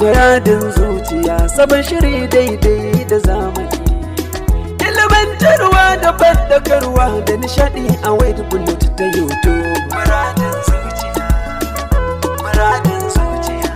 Muradin zuciya sabon shiri daidai da zamani. Ilimantarwa da bandakarwa da nishadi a wayar bullet ta YouTube. zuciya, zuciya.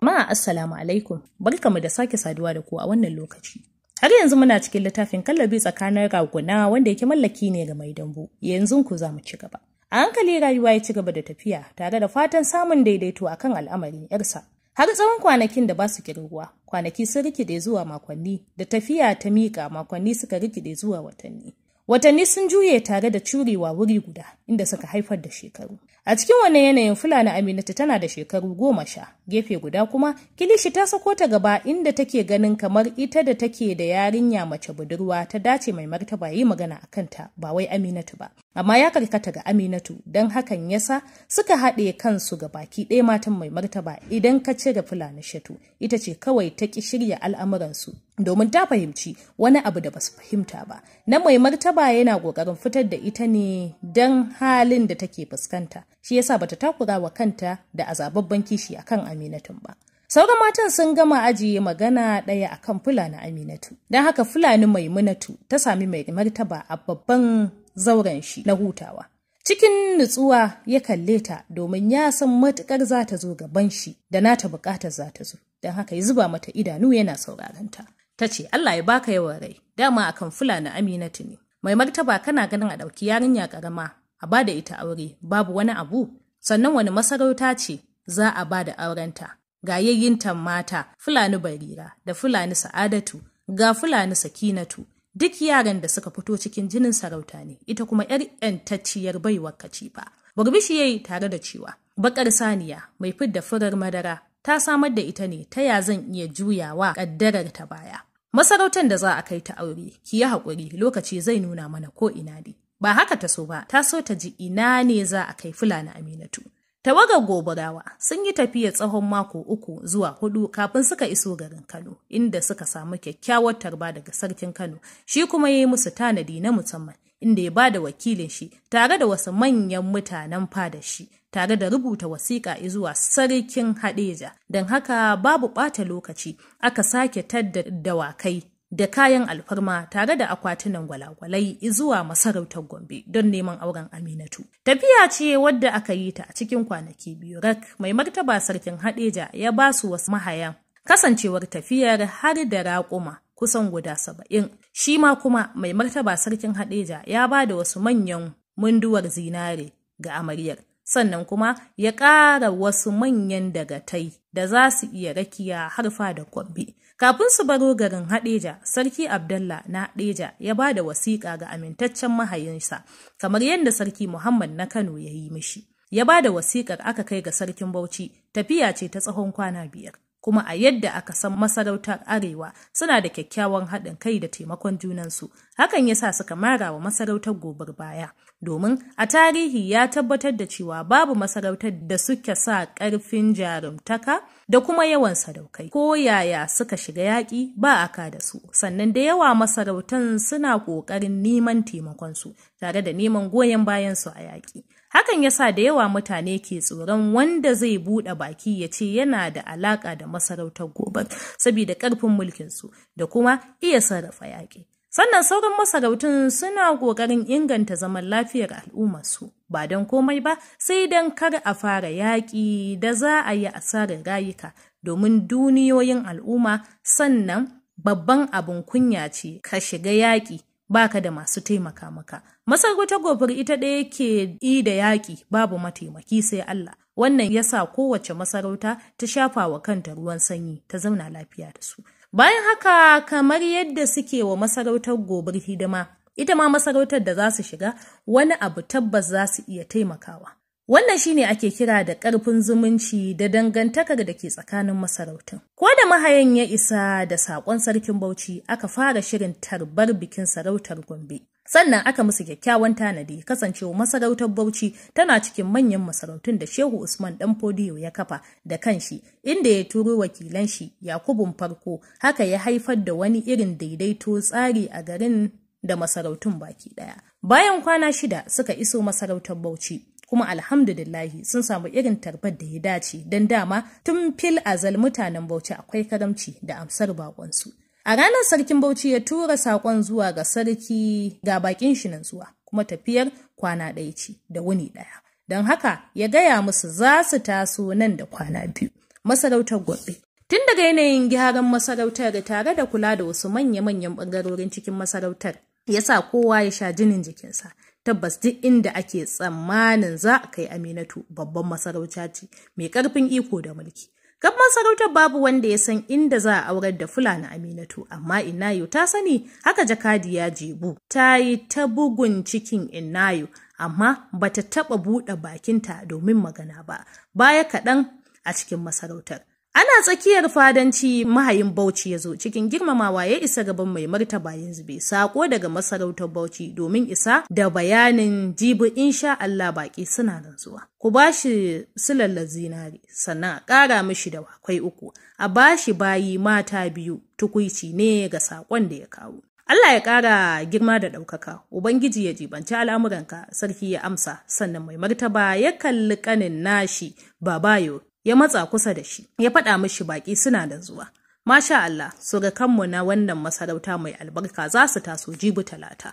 Ma assalamu alaikum, barkamu da sake saduwa da ku a wannan lokaci. Har yanzu muna cikin littafin kallabi tsakanin raguna wanda yake mallaki ne ga mai dambu, yanzu ku za mu ci gaba. A hankali rayuwa ya ci gaba da tafiya tare da fatan samun daidaito a kan al'amarin ‘yarsa. Har tsawon kwanakin da ba su kirguwa, kwanaki sun rikide zuwa makonni, da tafiya ta miƙa makonni suka rikide zuwa watanni. Watanni sun juye tare da curewa wuri guda inda suka haifar da shekaru. A cikin wannan yanayin Fulani Aminatu tana da shekaru goma sha, gefe guda kuma Kilishi ta sako ta gaba inda take ganin kamar ita da take da yarinya mace budurwa ta dace mai martaba yi magana a kanta ba wai Aminatu ba. Amma ya karkata ga Aminatu don hakan yasa suka haɗe kansu ga baki ɗaya matan mai martaba idan ka cire Fulani Shatu ita ce kawai ta ki shirya al'amuransu domin ta fahimci wani abu da basu fahimta ba na mai martaba yana ƙoƙarin fitar da ita ne don halin da take fuskanta shi yasa bata takura wa kanta da azababban kishi akan aminatun ba sauran matan sun gama ajiye magana ɗaya akan fulani aminatu don haka fulani maimunatu ta sami mai martaba a babban zauren shi na hutawa cikin nutsuwa ya kalle ta domin ya san matukar za ta zo gaban shi da nata bukatar za ta zo don haka ya zuba mata idanu yana sauraron ta ta ce Allah ya baka yawan rai dama akan fulani aminatu ne mai martaba kana ganin a ɗauki yarinya ƙarama a bada ita aure babu wani abu sannan wani masarauta ce za a ba da aurenta ga yayyintan mata fulani barira da fulani sa'adatu ga fulani sakinatu duk yaran da suka fito cikin jinin sarauta ne ita kuma yar yantacciyar baiwar ba. burbishi yayi tare da cewa bakar saniya mai fidda furar madara ta samar da ita ne ta ya zan iya juyawa kaddarar ta baya Masarautar da za a kai ta aure, ki yi haƙuri lokaci zai nuna mana ko ina ne. Ba haka ta so ba, ta so ta ji ina ne za a kai Fulani Aminatu. Tawagar gobarawa sun yi tafiya tsawon mako uku zuwa hudu kafin suka iso garin Kano, inda suka samu kyakkyawar tarba daga sarkin Kano, shi kuma ya yi musu tanadi na musamman, inda ya bada wakilin shi tare da wasu manyan mutanen fada shi tare da rubuta wasiƙa zuwa sarkin Hadeja. Don haka babu ɓata lokaci aka sake tadda dawakai da kayan alfarma tare da akwatunan gwalagwalai zuwa masarautar Gombe don neman auren Aminatu. Tafiya ce wadda aka yi ta a cikin kwanaki biyu rak mai martaba sarkin Hadeja ya ba su wasu mahayan kasancewar tafiyar har da raƙuma kusan guda saba'in. Shi ma kuma mai martaba sarkin Hadeja ya ba da wasu manyan munduwar zinare ga amaryar sannan kuma ya ƙara wasu manyan dagatai da za su iya rakiya harfa da kwabbe. Kafin su baro garin Haɗeja, Sarki Abdullah na Haɗeja ya ba da wasiƙa ga amintaccen mahayinsa, kamar yadda Sarki Muhammad na Kano ya yi mishi. Ya ba da wasiƙar aka kai ga Sarkin Bauchi, tafiya ce ta tsawon kwana biyar. Kuma a yadda aka san masarautar Arewa suna da kyakkyawan haɗin kai da taimakon junansu, hakan ya sa suka mara wa masarautar gobar baya. domin a tarihi ya tabbatar da cewa babu masarautar da suke sa ƙarfin jarumtaka da kuma yawan sadaukai ko yaya suka shiga yaƙi ba a ka da su sannan da yawa masarautan suna ƙoƙarin neman taimakon su, tare da neman goyon bayansu a yaƙi hakan yasa da yawa mutane ke tsoron wanda zai buɗe baki ya ce yana da alaƙa da masarautar gobe saboda ƙarfin mulkinsu da kuma iya sarrafa yaƙi Sannan sauran masarautun suna ƙoƙarin inganta zaman lafiyar al'ummarsu, ba don komai ba sai don kar a fara yaƙi da za a yi asarar rayuka domin duniyoyin al'umma sannan babban abin kunya ce ka shiga yaƙi baka da masu taimaka maka. Masarautar gobir ita ɗaya ke yi da yaƙi babu mataimaki sai Allah. Wannan yasa kowace masarauta ta shafa wa kanta ruwan sanyi ta zauna lafiya da su. Bayan haka kamar yadda suke wa masarautar gobar hidima, ita ma masarautar da za su shiga wani abu tabbas za su iya taimakawa. Wannan shine ake kira da ƙarfin zumunci da dangantakar da ke tsakanin masarautun. Ko da mahayan ya isa da saƙon sarkin Bauchi aka fara shirin tarbar bikin sarautar Gombe. sannan aka musu kyakkyawan tanadi kasancewa masarautar bauchi tana cikin manyan masarautun da shehu usman dan fodiyo ya kafa da kanshi inda ya turo wakilan shi yakubun farko haka ya haifar da wani irin daidaito tsari a garin da masarautun baki daya bayan kwana shida suka iso masarautar bauchi kuma alhamdulillahi sun samu irin tarbar da ya dace don dama tun fil azal mutanen bauchi akwai karamci da amsar bakonsu. A ranar sarkin Bauchi ya tura saƙon zuwa ga sarki ga bakin shi nan zuwa, kuma tafiyar kwana ɗaya ce da wuni ɗaya. Don haka ya gaya musu za su taso nan da kwana biyu. Masarautar Gobe. Tun daga yanayin gyaran masarautar tare da kula da wasu manya-manyan ɓangarorin cikin masarautar, ya sa kowa ya sha jinin jikinsa. Tabbas duk inda ake tsammanin za a kai Aminatu babban masarauta ce mai ƙarfin iko da mulki. Gaban sarautar babu wanda ya san inda za a aurar da Fulani Aminatu, amma Inayo ta sani haka jakadi ya jebu. Ta yi ta bugun cikin Inayo, amma bata taɓa buɗe bakinta domin magana ba, baya kaɗan a cikin masarautar. Ana tsakiyar fadanci mahayin Bauchi ya zo cikin girmamawa ya isa gaban mai martaba yanzu bai sako daga masarautar Bauchi domin isa da bayanin jibi insha Allah baki suna nan zuwa. Ku bashi silallar zinari sannan a ƙara mishi da wakwai uku a bashi bayi mata biyu tukuici ne ga sakon da ya kawo. Allah ya ƙara girma da ɗaukaka, Ubangiji ya jibanci al'amuranka, sarki ya amsa, sannan mai martaba ya kalli ƙanin nashi, babayo ya matsa kusa da shi ya faɗa mashi baƙi suna da zuwa masha Allah su ga kanmu na wannan masarauta mai albarka za su taso Jibu talata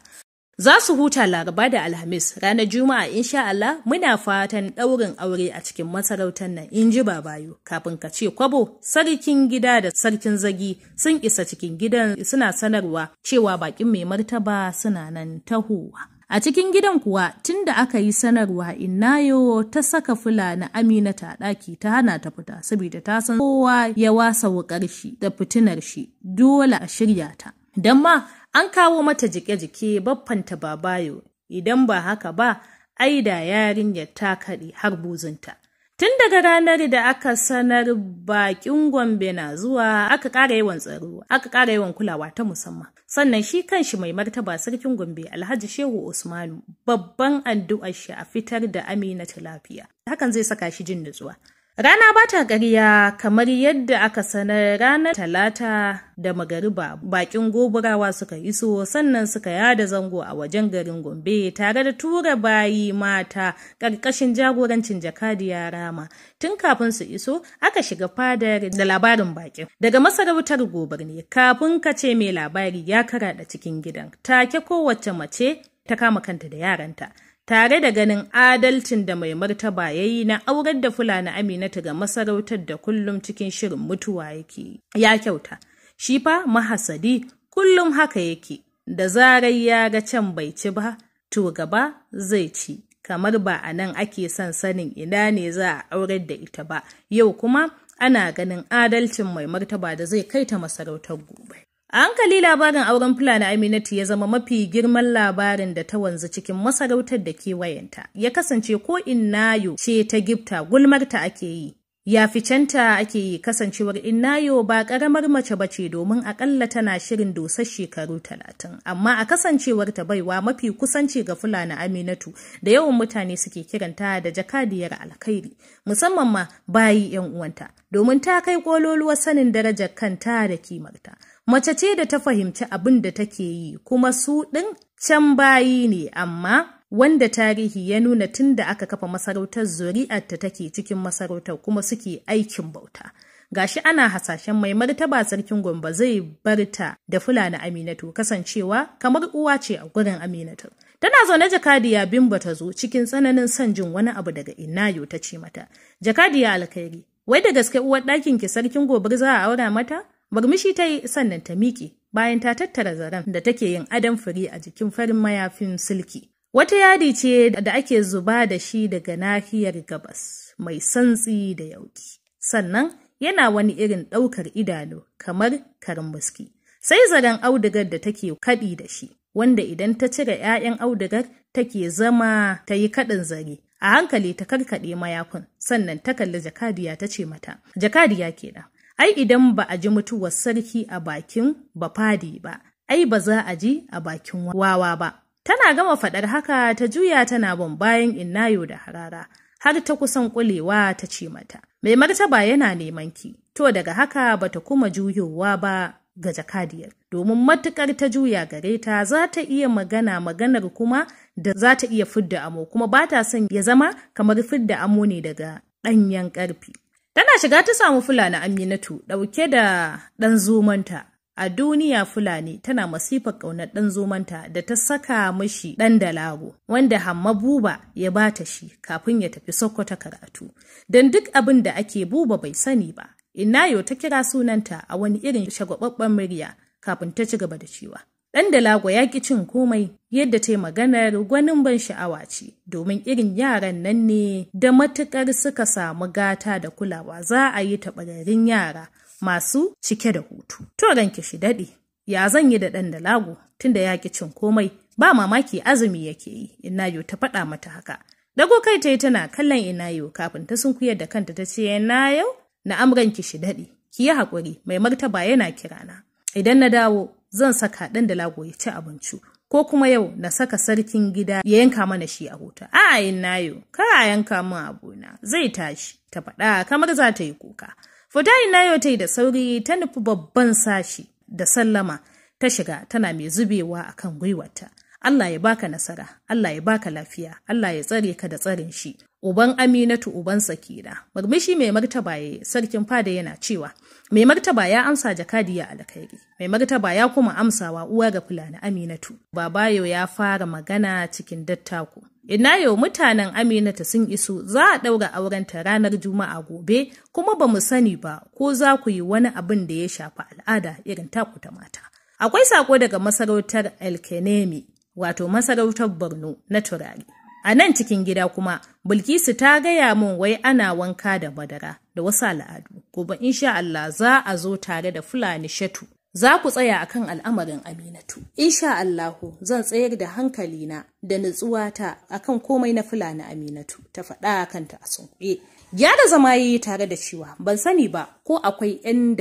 za su huta laraba da alhamis ranar juma'a insha Allah muna fatan ɗaurin aure a cikin masarautar nan in ji babayo kafin ka ce kwabo sarkin gida da sarkin zagi sun isa cikin gidan suna sanarwa cewa baƙin mai martaba suna nan tahowa A cikin gidan kuwa tun da aka yi sanarwa Innayo ta saka Fulani amina ta ɗaki ta hana ta fita saboda ta san kowa ya wasa wukar shi da fitinar shi dole a shirya ta. Don ma an kawo mata jike-jike baffanta babayo idan ba haka ba ai da yarinyar ta kaɗe har buzunta. Tun daga ranar da aka sanar bakin Gombe na zuwa aka ƙara yawan tsaro, aka ƙara yawan kulawa ta musamman. Sannan shi kanshi mai martaba sarkin Gombe Alhaji Shehu Usmanu babban addu'ar shi a fitar da Amina ta lafiya. Hakan zai saka shi jin nutsuwa. Rana ba ta ƙarya kamar yadda aka sanar ranar Talata da Magariba bakin goburawa suka iso sannan suka yada zango a wajen garin Gombe tare da tura bayi mata ƙarƙashin jagorancin jakadiya rama. Tun kafin su iso aka shiga fadar da labarin bakin. Daga masarautar gobar kafin ka ce mai labari ya karaɗa cikin gidan take kowace mace ta kama kanta da yaranta. tare da ganin adalcin da mai martaba ya yi na aurar da Fulani Aminatu ga masarautar da kullum cikin shirin mutuwa yake. Ya kyauta, shi fa mahasadi kullum haka yake, da zarar ya ga can bai ci ba, to gaba zai ci, kamar ba a nan ake son sanin ina ne za a aurar da ita ba, yau kuma ana ganin adalcin mai martaba da zai kai ta masarautar gobe. A hankali labarin auren Fulani Aminatu ya zama mafi girman labarin da ta wanzu cikin masarautar da kewayenta, ya kasance ko Innayo ce ta gifta gulmarta ake yi. Ya ficenta ake yi kasancewar Innayo ba karamar mace bace domin aƙalla tana shirin dosar shekaru talatin, amma a kasancewar ta baiwa mafi kusanci ga Fulani Aminatu da yawan mutane suke kiranta da jakadiyar alkhairi, musamman ma bayi 'yan uwanta, domin ta kai ƙololuwar sanin darajar kanta da kimarta. Mace ce da ta fahimci abin da take yi kuma su ɗin can bayi ne amma wanda tarihi ya nuna tun da aka kafa masarautar zuri'ar ta take cikin masarautar kuma suke aikin bauta. gashi ana hasashen mai martaba sarkin Gombe zai barta da Fulani Aminatu kasancewa kamar uwa ce a gurin Aminatu. Tana zaune Jakadiya Bimba ta zo cikin tsananin son jin wani abu daga Inayo ta ce mata. Jakadiya Alkhairi, wai da gaske uwar ɗakin ki sarkin gobe za a aura mata? Murmushi ta yi sannan ta miƙe bayan ta tattara zaren da take yin adon fure a jikin farin mayafin silki. Wata yadi ce da ake zuba da shi daga nahiyar gabas mai santsi da yauki. Sannan yana wani irin ɗaukar idanu kamar karin muski. Sai zaren audugar da take kaɗi da shi, wanda idan ta cire 'ya'yan audugar take zama ta yi kaɗin zare. A hankali ta karkaɗe mayakun sannan ta kalli jakadiya ta ce mata, jakadiya kenan. ai idan ba a ji mutuwar sarki a bakin bafadi ba, ai ba za a ji a bakin wawa ba. Tana gama faɗar haka ta juya tana bon bayan innayo da harara, har ta kusan ƙulewa ta ce mata, Mai martaba yana neman ki, to daga haka bata kuma juyowa ba ga jakadiyar, domin matuƙar ta juya gare ta za ta iya magana maganar kuma da za ta iya fidda amo, kuma ba ta son ya zama kamar fidda amo ne daga ɗanyen ƙarfi. Tana shiga ta samu Fulani Aminatu ɗauke da ɗan zumanta A duniya Fulani tana masifar ƙaunar ɗan zumanta da ta saka mashi ɗan dalago, wanda Hamma Buba ya bata shi kafin ya tafi Sokoto karatu. Don duk abin da ake Buba bai sani ba, ina yau ta kira sunanta a wani irin shagwababben murya kafin ta ci gaba da cewa. Ɗan dalago ya ƙi cin komai yadda ta yi maganar gwanin ban sha'awa ce, domin irin yaran nan ne da matuƙar suka samu gata da kulawa za a yi taɓararin yara masu cike da hutu. To ranki shi daɗe, ya zan yi da ɗan dalago tunda ya ƙi cin komai, ba mamaki azumi yake yi, ina yau ta faɗa mata haka. Dago kai ta yi tana kallon ina Inayo kafin ta sunkuyar da kanta ta ce, na yau na amuranki shi daɗe, ki yi haƙuri, mai martaba yana kirana. Idan na dawo, zan saka ɗan lago ya ci abinci ko kuma yau na saka sarkin gida ya yanka mana shi a huta a'a yin nayo kar a yanka min abuna zai tashi ta faɗa kamar za ta yi kuka fita yin nayo ta yi da sauri ta nufi babban sashi da sallama ta shiga tana mai zubewa akan gwiwarta Allah ya baka nasara, Allah ya baka lafiya, Allah ya tsare ka da tsarin shi. uban Aminatu uban sakira Murmushi mai martaba ya yi, sarkin fada yana cewa, mai martaba ya amsa jakadi ya alkhairi, mai martaba ya kuma amsawa uwa ga fulani Aminatu. Babayo ya fara magana cikin dattako. Ina yau mutanen Aminatu sun iso za a ɗaura aurenta ranar Juma'a gobe kuma ba mu sani ba ko za ku yi wani abin da ya shafi al'ada irin taku ta mata. Akwai sako daga masarautar Elkenemi wato masarautar Borno na turare. A nan cikin gida kuma, Bilkisu ta gaya mun wai ana wanka da madara da wasu al'adu, gobe insha Allah za a zo tare da Fulani Shatu. Za ku tsaya akan al'amarin Aminatu. Insha Allahu zan tsayar da hankalina da nutsuwata akan komai na Fulani Aminatu ta faɗa kanta a sunkuye. da zama yi tare da cewa ban sani ba ko akwai 'yan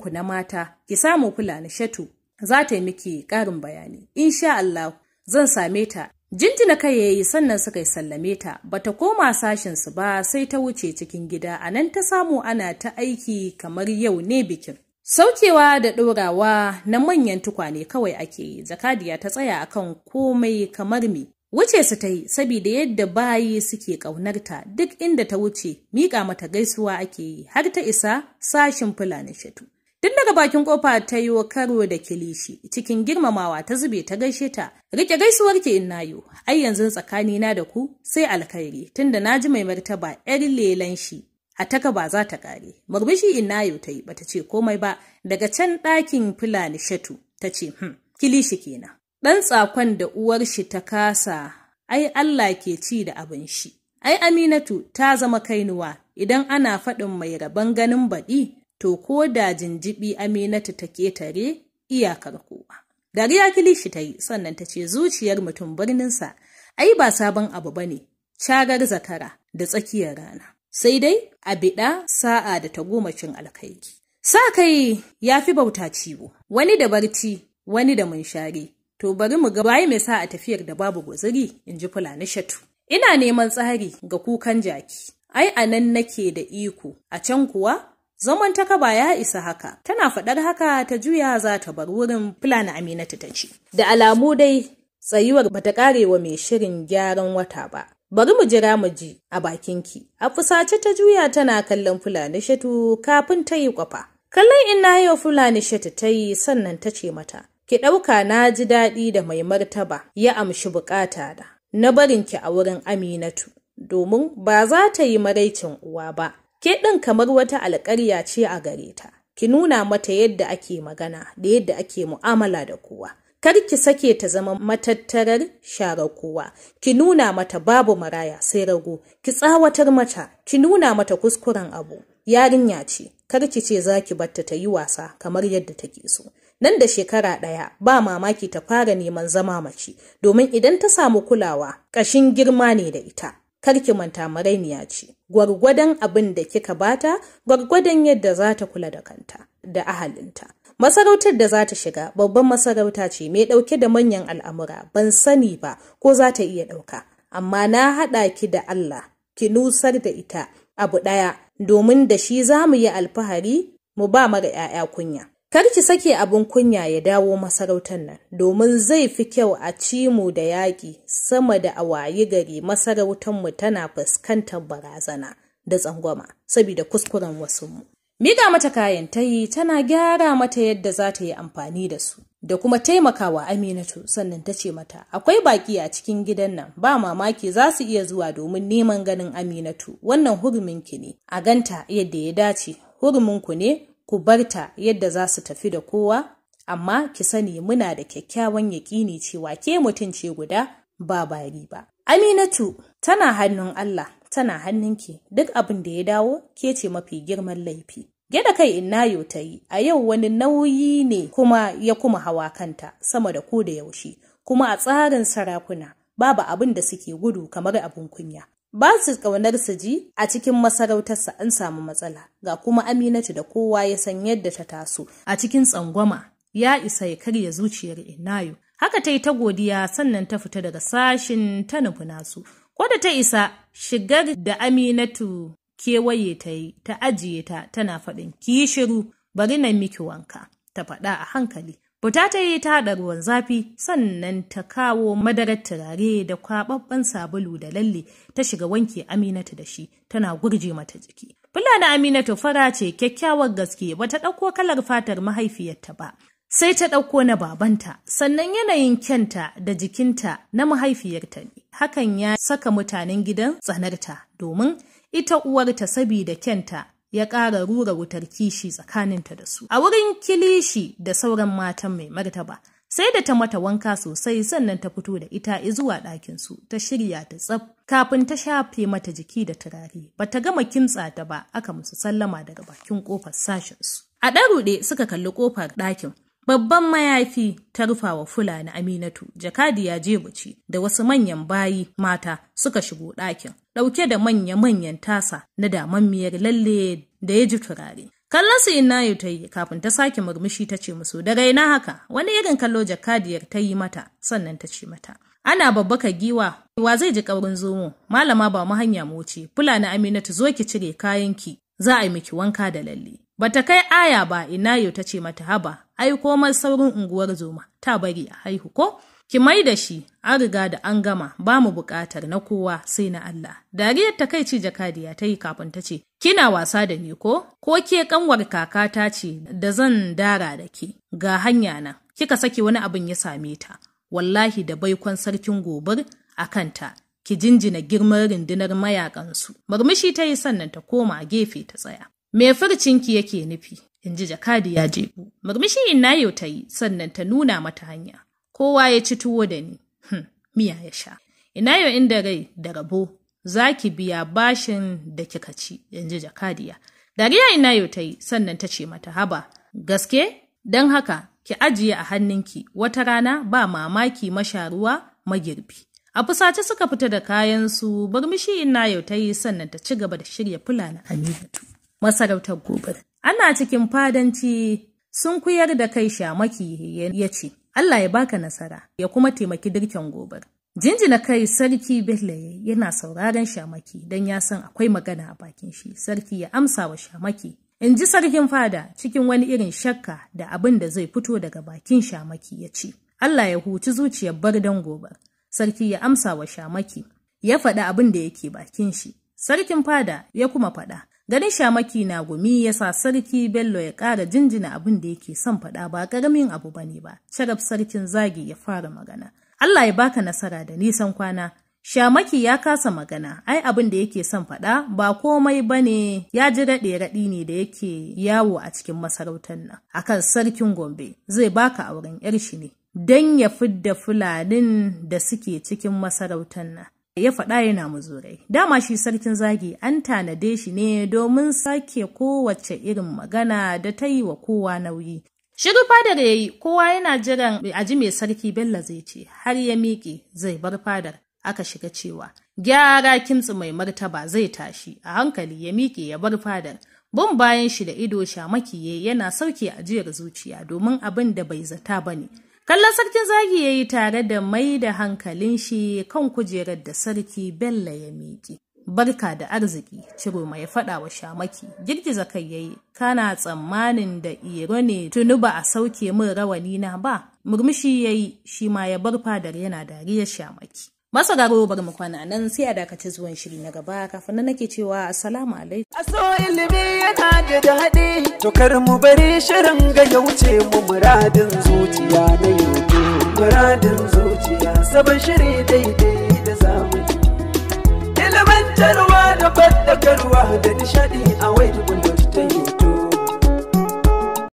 ku na mata ki samu Fulani Shatu za ta yi miki ƙarin bayani. Insha Allahu zan same ta Jinjina kai ya yi sannan suka sallame ta, bata koma sashen su ba sai ta wuce cikin gida, a nan ta samu ana ta aiki kamar yau ne bikin. Saukewa da ɗorawa na manyan tukwane kawai ake yi, Zakadiya ta tsaya akan komai kamar me. Wuce su ta yi, saboda yadda bayi suke ƙaunarta duk inda ta wuce, miƙa mata gaisuwa ake yi, har ta isa sashin Fulani Shatu. Tun daga bakin kofa ta yi wa karo da kilishi, cikin girmamawa ta zube ta gaishe ta, rike gaisuwar ke in nayo, ai yanzu tsakanina da ku sai alkhairi, tunda na ji mai martaba ‘yar lelan shi, a taka ba za ta ƙare. Murmushi in nayo ta yi, bata ce komai ba, daga can ɗakin Fulani Shatu, ta ce, hmm, kilishi kenan. Ɗan tsakon da uwar shi ta kasa, ai Allah ke ci da abin shi. Ai Aminatu ta zama kainuwa, idan ana faɗin mai rabon ganin baɗi, to ko da jinjibi aminata ta ketare iyakar kowa. Dariya kilishi ta yi sannan ta ce zuciyar mutum birninsa ai ba sabon abu ba ne, cagar zakara da tsakiyar rana. Sai dai a biɗa sa'a da ta goma cin alkaiki. Sa kai ya fi bauta ciwo, wani da barci, wani da munshari. To bari mu ga mai sa a tafiyar da babu guzuri, in ji Fulani Shatu. Ina neman tsari ga kukan jaki, ai a nan nake da iko, a can kuwa Zaman ta ya isa haka, tana faɗar haka ta juya za ta bar wurin fulani Aminatu ta ce. Da alamu dai tsayuwar bata ƙare wa mai shirin gyaran wata ba. Bari mu jira mu ji a bakinki. A fusace ta juya tana kallon fulani shatu kafin ta yi kwafa. Kallon in na yau Fulani Shatu ta yi sannan ta ce mata, Ki ɗauka na ji daɗi da mai martaba ya amshi buƙata da, na barin ki a wurin Aminatu, domin ba za ta yi maraicin uwa ba, Ke ɗin kamar wata alƙarya ce a gare ta, ki nuna mata yadda ake magana da yadda ake mu'amala da kowa. Kar ki sake ta zama matattarar share kowa, ki nuna mata babu maraya sai rago, ki tsawatar mata, ki nuna mata kuskuren abu, yarinya ce, kar ki ce za ki batta ta yi wasa kamar yadda take so. nan da shekara ɗaya ba mamaki ta fara neman zama mace domin idan ta samu kulawa ƙashin girma ne da ita kar ki manta marainiya ce gwargwadon abin da kika bata gwargwadon yadda za ta kula da kanta da ahalinta Masarautar da za ta shiga babban masarauta ce mai dauke da manyan al'amura ban sani ba ko za ta iya dauka. amma na haɗa ki da Allah, ki nusar da ita abu ɗaya domin da shi za mu yi alfahari mu ba mara ‘ya'ya kunya. Kar ki sake abin kunya ya dawo masarautar nan, domin zai fi kyau a ci mu da yaƙi sama da a wayi gari masarautarmu tana fuskantar barazana da tsangwama saboda kuskuren wasu mu. Miƙa mata kayan ta yi tana gyara mata yadda za ta yi amfani da su, da kuma taimakawa Aminatu sannan ta ce mata, akwai baƙi a cikin gidan nan ba mamaki za su iya zuwa domin neman ganin Aminatu, wannan huruminki ne, a ganta yadda ya dace, huruminku ne ku barta yadda za su tafi da kowa, amma ki sani muna da kyakkyawan yaƙini cewa ke mutum ce guda ba bari ba. Aminatu tana hannun Allah, tana hannunki duk abin da ya dawo ke ce mafi girman laifi. Gyada kai Innayo ta yi, a yau wani nauyi ne kuma ya kuma hawa kanta sama da ko da yaushe, kuma a tsarin sarakuna babu abin da suke gudu kamar abin kunya. ba su ƙaunar su ji a cikin masarautarsa an samu matsala ga kuma aminatu da kowa ya san yadda ta taso a cikin tsangwama ya isa ya karya zuciyar inayo haka ta yi ta godiya sannan ta fita daga sashin ta nufi nasu ko da ta isa shigar da aminatu kewaye ta yi ta ajiye ta tana faɗin ki shiru bari na miki wanka ta faɗa a hankali Buta ta yi ta haɗa ruwan zafi sannan ta kawo madarar turare da kwaɓaɓɓen sabulu da lalle ta shiga wanke Aminatu da shi tana gurje mata jiki. Fulani Aminatu fara ce kyakkyawar gaske ba ta ɗauko kalar fatar mahaifiyarta ba. Sai ta ɗauko na babanta, sannan yanayin kyanta da jikinta na mahaifiyarta ne. Hakan ya saka mutanen gidan tsanarta domin ita uwarta sabida kyanta ya ƙara rura wutar kishi tsakaninta da su. A wurin kilishi da sauran matan mai martaba, sai da ta mata wanka sosai sannan ta fito da ita zuwa ɗakinsu ta shirya ta tsaf kafin ta shafe mata jiki da turare ba ta gama kimtsa ta ba aka musu sallama daga bakin ƙofar sashensu. A ɗaruɗe suka kalli ƙofar ɗakin Babban mayafi ta rufawa Fulani Aminatu, Jakadiya Jebuci da wasu manyan bayi mata suka shigo ɗakin, ɗauke da manya-manyan tasa na daman miyar lalle da ya ji turare. Kallon su ina ta yi kafin ta sake murmushi ta ce musu da raina haka wani irin kallo jakadiyar ta yi mata sannan ta ce mata. Ana babbaka giwa, wa zai ji kaurin zomo, malama ba mu hanya mu wuce, Fulani Aminatu zo ki cire kayan ki? za a yi miki wanka da lalle. Bata kai aya ba ina ta ce mata haba, ai komai saurin unguwar zoma ta bari a haihu ko ki mai da shi an riga da an gama ba mu buƙatar na kowa sai na Allah dariyar ta kai ci jakadiya ta yi kafin ta ce kina wasa da ni ko ko ke kanwar kakata ce da zan dara da ke ga hanya na kika saki wani abin ya same ta wallahi da baikon sarkin gobar a kanta ki jinjina girman rundunar mayakansu murmushi ta yi sannan ta koma gefe ta tsaya me furcinki yake nufi in ji jakadi ya jebu. Murmushi yau ta yi sannan ta nuna mata hanya. Kowa ya ci tuwo da ni, hmm, miya ya sha. Ina yau inda rai da rabo za ki biya bashin da kika ci, in ji jakadiya. Dariya yau ta yi sannan ta ce mata haba, gaske? Don haka ki ajiye a hannunki wata rana ba mamaki masharuwa magirbi. A fusace suka fita da kayansu, Murmushi yau ta yi sannan ta ci gaba da shirya fulana Aminatu. Masarautar gobe. Ana cikin fadanci sun kuyar da kai shamaki ya ce, Allah ya baka nasara ya kuma taimaki dirkin gobar. Jinjina kai sarki Bello yana sauraron shamaki don ya san akwai magana a bakin shi, sarki ya amsa wa shamaki. In ji sarkin fada cikin wani irin shakka da abin da zai fito daga bakin shamaki ya ce, Allah ya huci zuciyar bardan gobar. Sarki ya amsa wa shamaki, ya faɗa abin da yake bakin shi. Sarkin fada ya kuma faɗa, Ganin shamaki na gumi ya sa sarki Bello ya ƙara jinjina abin da yake son faɗa ba ƙaramin abu ba ne ba, sharaf sarkin zagi ya fara magana. Allah ya baka nasara da nisan kwana. Shamaki ya kasa magana, ai abin da yake son faɗa ba komai ba ne ya ji raɗe raɗi ne da yake yawo a cikin masarautar nan. Akan sarkin Gombe zai baka auren ‘yar shi ne, don ya fidda Fulanin da suke cikin masarautar nan. ya faɗa yana muzurai. Dama shi sarkin zagi an tanade shi ne domin sake kowace irin magana da ta yi wa kowa nauyi. Shiru fadar ya yi kowa yana jiran aji mai sarki Bello zai ce har ya miƙe zai bar fadar aka shiga cewa gyara kimtsi mai martaba zai tashi a hankali ya miƙe ya bar fadar. Bin bayan shi da ido shamakiye yana sauke ajiyar zuciya domin abin da bai zata ba ne. Kallon sarkin zagi ya yi tare da mai da hankalin shi kan kujerar da sarki Bello ya miƙi Barka da arziki, ciro mai faɗa wa Shamaki, girgiza kai ya yi, kana tsammanin da iro ne tuni ba a sauke min rawani na ba, murmushi ya yi, shi ma ya bar fadar yana dariyar Shamaki. gaba yau bari mu kwana nan sai a dakaci zuwan shiri na gaba kafin nan nake cewa assalamu alaikum. Aso ilimi yana da daɗi to mu bari shirin ga ya wuce mu muradin zuciya na yau. muradin zuciya sabon shiri daidai da zamani. Ilimantarwa da fadakarwa da nishaɗi a wai da da ta yi.